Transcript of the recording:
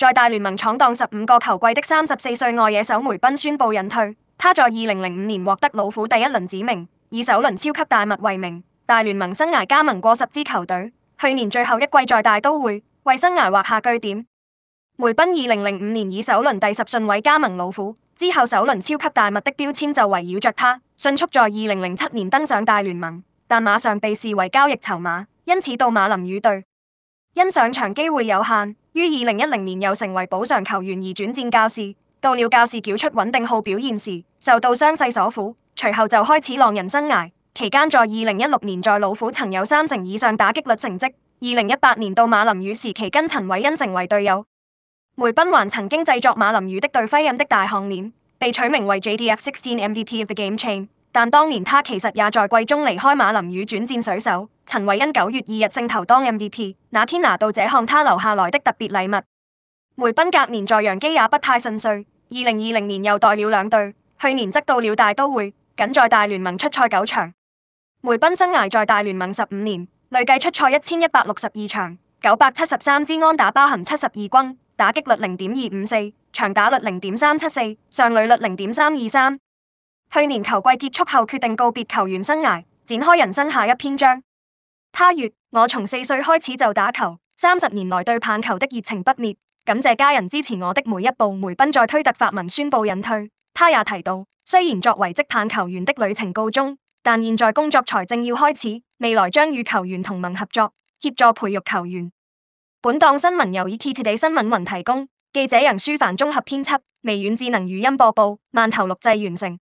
在大聯盟闖蕩十五個球季的三十四歲外野手梅賓宣布引退。他在二零零五年獲得老虎第一輪指名，以首輪超級大物為名。大聯盟生涯加盟過十支球隊，去年最後一季在大都會為生涯畫下句點。梅賓二零零五年以首輪第十順位加盟老虎之後，首輪超級大物的標籤就圍繞着他，迅速在二零零七年登上大聯盟，但馬上被視為交易籌碼，因此到馬林魚隊，因上場機會有限。於二零一零年又成為補償球員而轉戰教士，到了教士繳出穩定號表現時，受到傷勢所苦，隨後就開始浪人生涯。期間在二零一六年在老虎曾有三成以上打擊率成績。二零一八年到馬林魚時期跟陳偉殷成為隊友，梅賓還曾經製作馬林魚的隊徽印的大項鏈，被取名為 J D F Sixteen M V P of the Game Chain。但當年他其實也在季中離開馬林魚轉戰水手。陳偉殷九月二日正投當 MVP，那天拿到這項他留下來的特別禮物。梅賓隔年在洋基也不太順遂，二零二零年又待了兩隊，去年則到了大都會，僅在大聯盟出賽九場。梅賓生涯在大聯盟十五年，累計出賽一千一百六十二場，九百七十三支安打包含七十二轟，打擊率零點二五四，長打率零點三七四，上壘率零點三二三。去年球季結束後，決定告別球員生涯，展開人生下一篇章。他說：我從四歲開始就打球，三十年來對棒球的熱情不滅，感謝家人支持我的每一步。梅賓在推特發文宣布引退，他也提到，雖然作為職棒球員的旅程告終，但現在工作才正要開始，未來將與球員同盟合作，協助培育球員。本檔新聞由 ETtoday 新聞雲提供，記者楊舒凡綜合編輯，微軟智能語音播報，慢頭錄製完成。